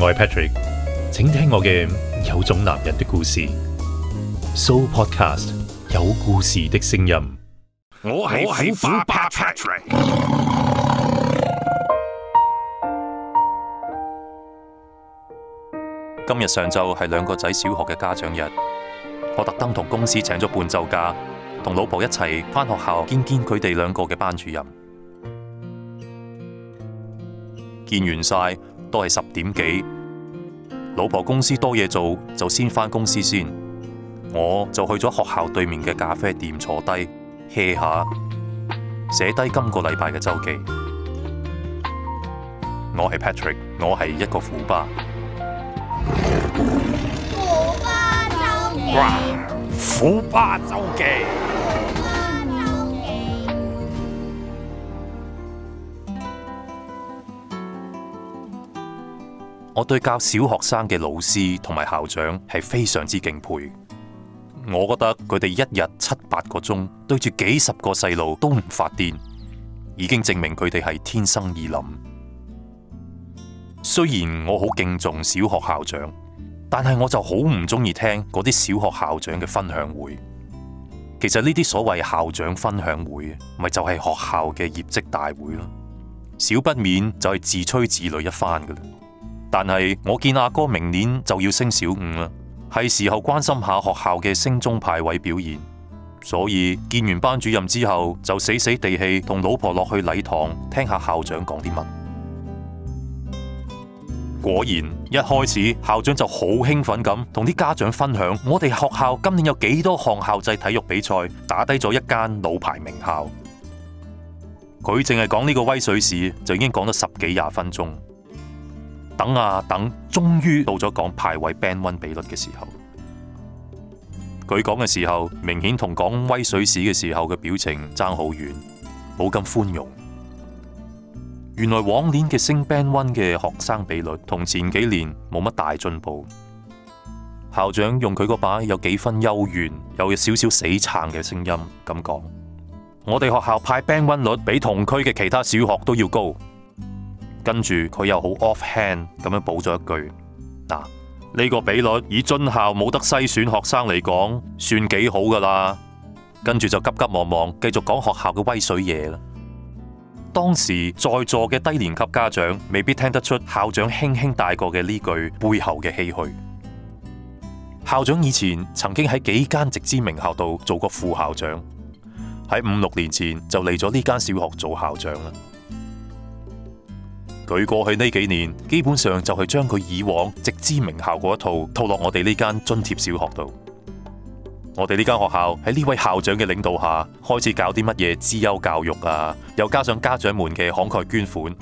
我係 Patrick，請聽我嘅有種男人的故事。So Podcast 有故事的聲音。我係我係小 Patrick。今日上晝係兩個仔小學嘅家長日，我特登同公司請咗半晝假，同老婆一齊返學校見見佢哋兩個嘅班主任。見完晒，都係十點幾，老婆公司多嘢做，就先返公司先。我就去咗學校對面嘅咖啡店坐低歇下，寫低今個禮拜嘅週記。我係 Patrick，我係一個虎巴。虎巴週記，虎巴週記。我對教小學生嘅老師同埋校長係非常之敬佩嘅。我覺得佢哋一日七八個鐘對住幾十個細路都唔發癲，已經證明佢哋係天生易林。雖然我好敬重小學校長，但係我就好唔中意聽嗰啲小學校長嘅分享會。其實呢啲所謂校長分享會，咪就係、是、學校嘅業績大會咯，少不免就係自吹自擂一番噶但係我見阿哥，哥明年就要升小五啦，係時候關心下學校嘅升中派位表現。所以見完班主任之後，就死死地氣同老婆落去禮堂聽下校長講啲乜。果然一開始校長就好興奮咁，同啲家長分享我哋學校今年有幾多項校際體育比賽打低咗一間老牌名校。佢淨係講呢個威水史就已經講咗十幾廿分鐘。等啊等，終於到咗講排位 band one 比率嘅時候。佢講嘅時候，明顯同講威水史嘅時候嘅表情差好遠，冇咁寬容。原來往年嘅升 band one 嘅學生比率，同前幾年冇乜大進步。校長用佢嗰把有幾分幽怨、有少少死撐嘅聲音咁講：我哋學校派 band one 率比同區嘅其他小學都要高。跟住佢又好 off hand 咁樣補咗一句：嗱，呢個比率以津校冇得篩選學生嚟講，算幾好噶啦。跟住就急急忙忙繼續講學校嘅威水嘢啦。當時在座嘅低年級家長未必聽得出校長輕輕帶過嘅呢句背後嘅唏噓。校長以前曾經喺幾間直資名校度做過副校長，喺五六年前就嚟咗呢間小學做校長啦。佢過去呢幾年，基本上就係將佢以往直資名校嗰一套套落我哋呢間津貼小學度。我哋呢間學校喺呢位校長嘅領導下，開始搞啲乜嘢資優教育啊，又加上家長們嘅慷慨捐款，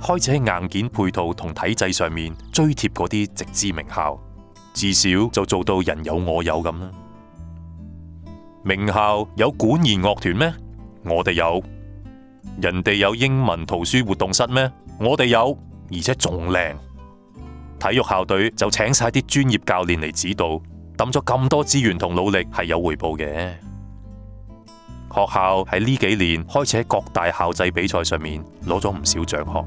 開始喺硬件配套同體制上面追貼嗰啲直資名校，至少就做到人有我有咁啦。名校有管弦樂團咩？我哋有，人哋有英文圖書活動室咩？我哋有，而且仲靚。體育校隊就請晒啲專業教練嚟指導，抌咗咁多資源同努力，係有回報嘅。學校喺呢幾年開始喺各大校際比賽上面攞咗唔少獎項，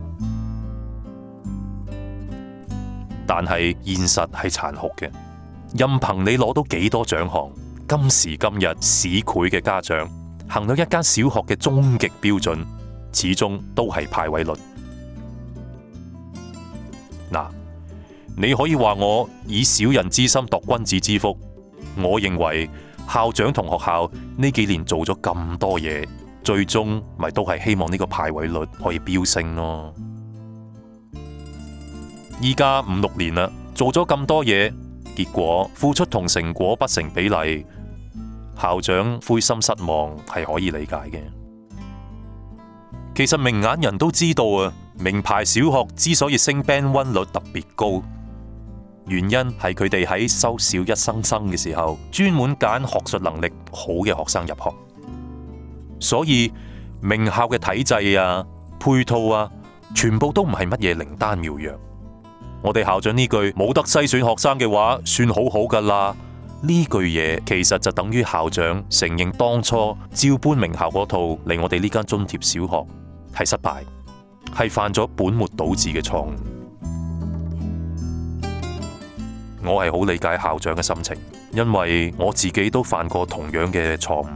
但係現實係殘酷嘅。任憑你攞到幾多獎項，今時今日市儈嘅家長行到一間小學嘅終極標準，始終都係派位率。嗱，你可以話我以小人之心度君子之腹。我認為校長同學校呢幾年做咗咁多嘢，最終咪都係希望呢個排位率可以飆升咯。依家五六年啦，做咗咁多嘢，結果付出同成果不成比例，校長灰心失望係可以理解嘅。其實明眼人都知道啊。名牌小學之所以升 band one 率特別高，原因係佢哋喺收小一生生嘅時候，專門揀學術能力好嘅學生入學。所以名校嘅體制啊、配套啊，全部都唔係乜嘢靈丹妙藥。我哋校長呢句冇得篩選學生嘅話，算好好噶啦。呢句嘢其實就等於校長承認當初照搬名校嗰套嚟，我哋呢間津貼小學係失敗。係犯咗本末倒置嘅錯誤。我係好理解校長嘅心情，因為我自己都犯過同樣嘅錯誤，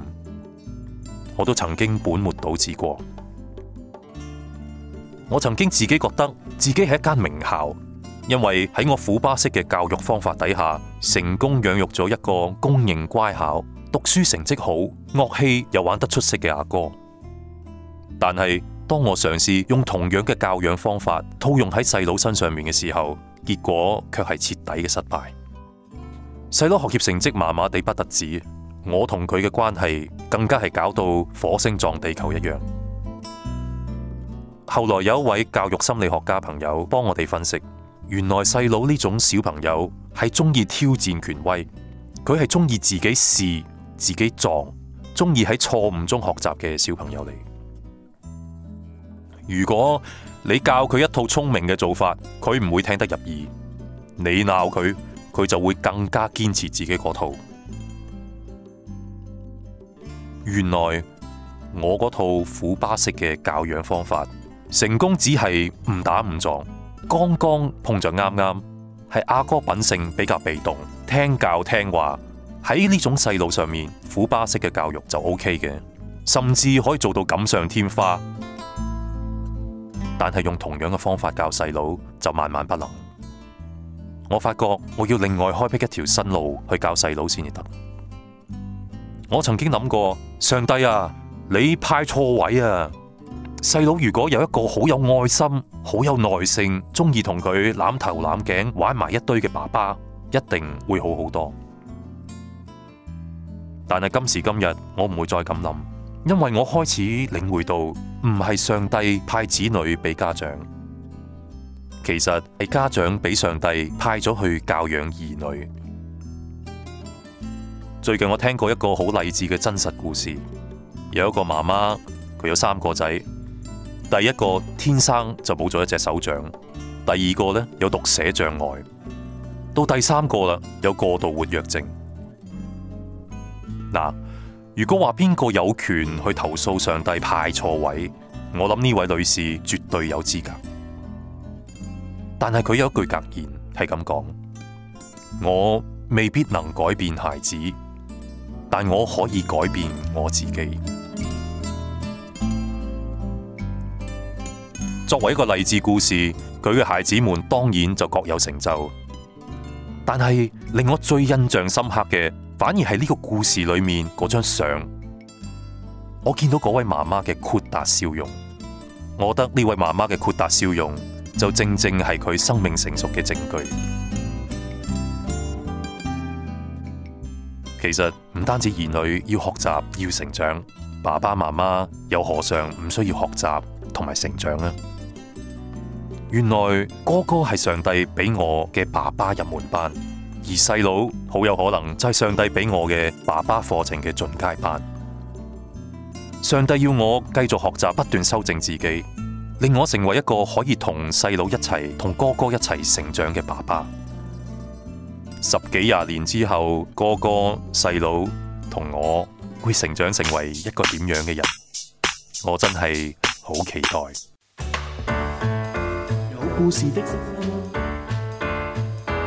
我都曾經本末倒置過。我曾經自己覺得自己係一間名校，因為喺我虎爸式嘅教育方法底下，成功養育咗一個公認乖巧、讀書成績好、樂器又玩得出色嘅阿哥。但係。當我嘗試用同樣嘅教養方法套用喺細佬身上面嘅時候，結果卻係徹底嘅失敗。細佬學業成績麻麻地不特止，我同佢嘅關係更加係搞到火星撞地球一樣。後來有一位教育心理學家朋友幫我哋分析，原來細佬呢種小朋友係中意挑戰權威，佢係中意自己試、自己撞、中意喺錯誤中學習嘅小朋友嚟。如果你教佢一套聰明嘅做法，佢唔會聽得入耳；你鬧佢，佢就會更加堅持自己嗰套。原來我嗰套虎巴式嘅教養方法成功，只係誤打誤撞，剛剛碰着，啱啱係阿哥品性比較被動，聽教聽話，喺呢種細路上面，虎巴式嘅教育就 OK 嘅，甚至可以做到錦上添花。但係用同樣嘅方法教細佬就萬萬不能。我發覺我要另外開闢一條新路去教細佬先至得。我曾經諗過，上帝啊，你派錯位啊！細佬如果有一個好有愛心、好有耐性、中意同佢攬頭攬頸玩埋一堆嘅爸爸，一定會好好多。但係今時今日，我唔會再咁諗，因為我開始領會到。唔係上帝派子女俾家長，其實係家長俾上帝派咗去教養兒女。最近我聽過一個好勵志嘅真實故事，有一個媽媽，佢有三個仔，第一個天生就冇咗一隻手掌，第二個呢，有讀寫障礙，到第三個啦，有過度活躍症。嗱。如果話邊個有權去投訴上帝排錯位，我諗呢位女士絕對有資格。但係佢有一句格言係咁講：我未必能改變孩子，但我可以改變我自己。作為一個勵志故事，佢嘅孩子們當然就各有成就，但係令我最印象深刻嘅。反而係呢個故事裏面嗰張相，我見到嗰位媽媽嘅豁達笑容，我覺得呢位媽媽嘅豁達笑容就正正係佢生命成熟嘅證據。其實唔單止兒女要學習要成長，爸爸媽媽又何嘗唔需要學習同埋成長呢？原來哥哥係上帝俾我嘅爸爸入門班。而細佬好有可能就係上帝俾我嘅爸爸課程嘅進階版。上帝要我繼續學習，不斷修正自己，令我成為一個可以同細佬一齊、同哥哥一齊成長嘅爸爸。十幾廿年之後，哥哥、細佬同我會成長成為一個點樣嘅人？我真係好期待有故事的。